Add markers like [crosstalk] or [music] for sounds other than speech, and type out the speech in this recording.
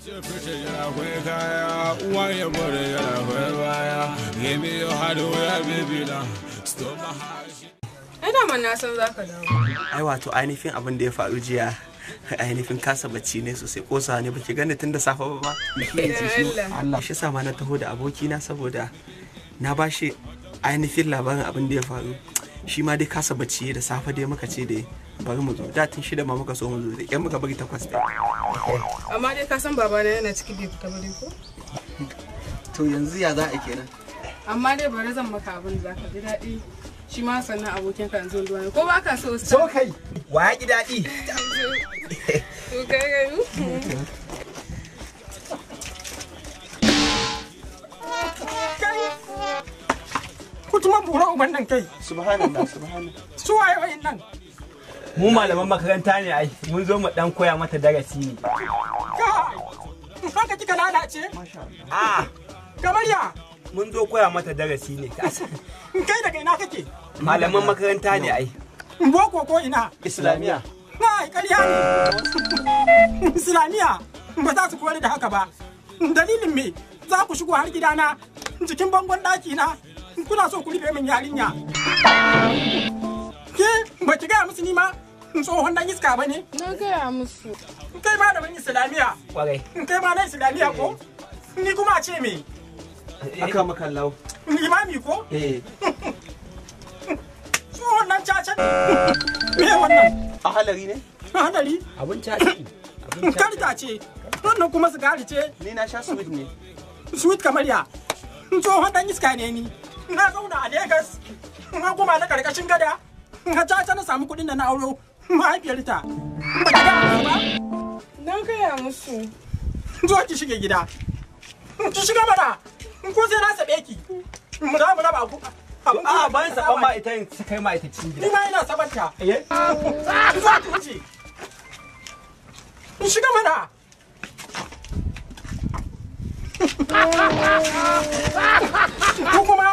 Ai wato ainihin abin da ya faru jiya ainihin kasa bacci ne sosai kosa ne baki gane tun da safe ba. Allah shi sama na taho da abokina saboda na ba shi ainihin labarin abin da ya faru. Shi ma dai kasa bacci da safe dai muka ce dai bari mu zo da tun shida ma muka so mu zo da yan muka bari takwas ɗin. amma dai ka san baba na yana ciki bai fita bari ko to yanzu ya za a kenan amma dai bari zan maka abin da zaka ji daɗi shi ma sannan abokin ka yanzu duwani ko ba ka so so kai wa ya ki daɗi to kai kai Kutuma bura uban nan kai. Subhanallah, subhanallah. Suwaye wa'in nan. mu malaman makaranta ne ai mun zo mu dan koya mata darasi ne haka kika lalace ah kamar ya mun zo koya mata darasi ne [laughs] kai daga ina kake malaman makaranta ne ai boko ko ina islamiya na kariya ne islamiya ba za su koyar da haka ba dalilin me za ku shigo har gidana jikin bangon daki na kuna so ku rufe min yarinya ke ba ki gaya musu ni ma tsohon dan iska ba ne? Na gaya musu. Kai ma da Islamiya. Kwarai. Kai ma na Islamiya ko? Eh. Ni kuma a ce me? Eh. Aka maka makallau. Imami ko? Eh. [laughs] Tsohon nan caca ne. [laughs] Me wannan? A halari ne? A halari. Abun caca. Karta ce. Wannan kuma sigari ce. Ni na sha sweet ne. Sweet kamar ya. Tsohon dan iska ne ni. Na zauna a Legas. Na kuma na karkashin gada. Ka caca na samu kuɗin da na auro. mahaifiyarta ba ki gaya ba na gaya musu zo ki shige gida ki shiga mana ko sai na sabe ki mu za mu raba ku a bayan ma ita yin kai ma ita cikin gida ni ma ina ta eh ki wuce ki shiga mana ko kuma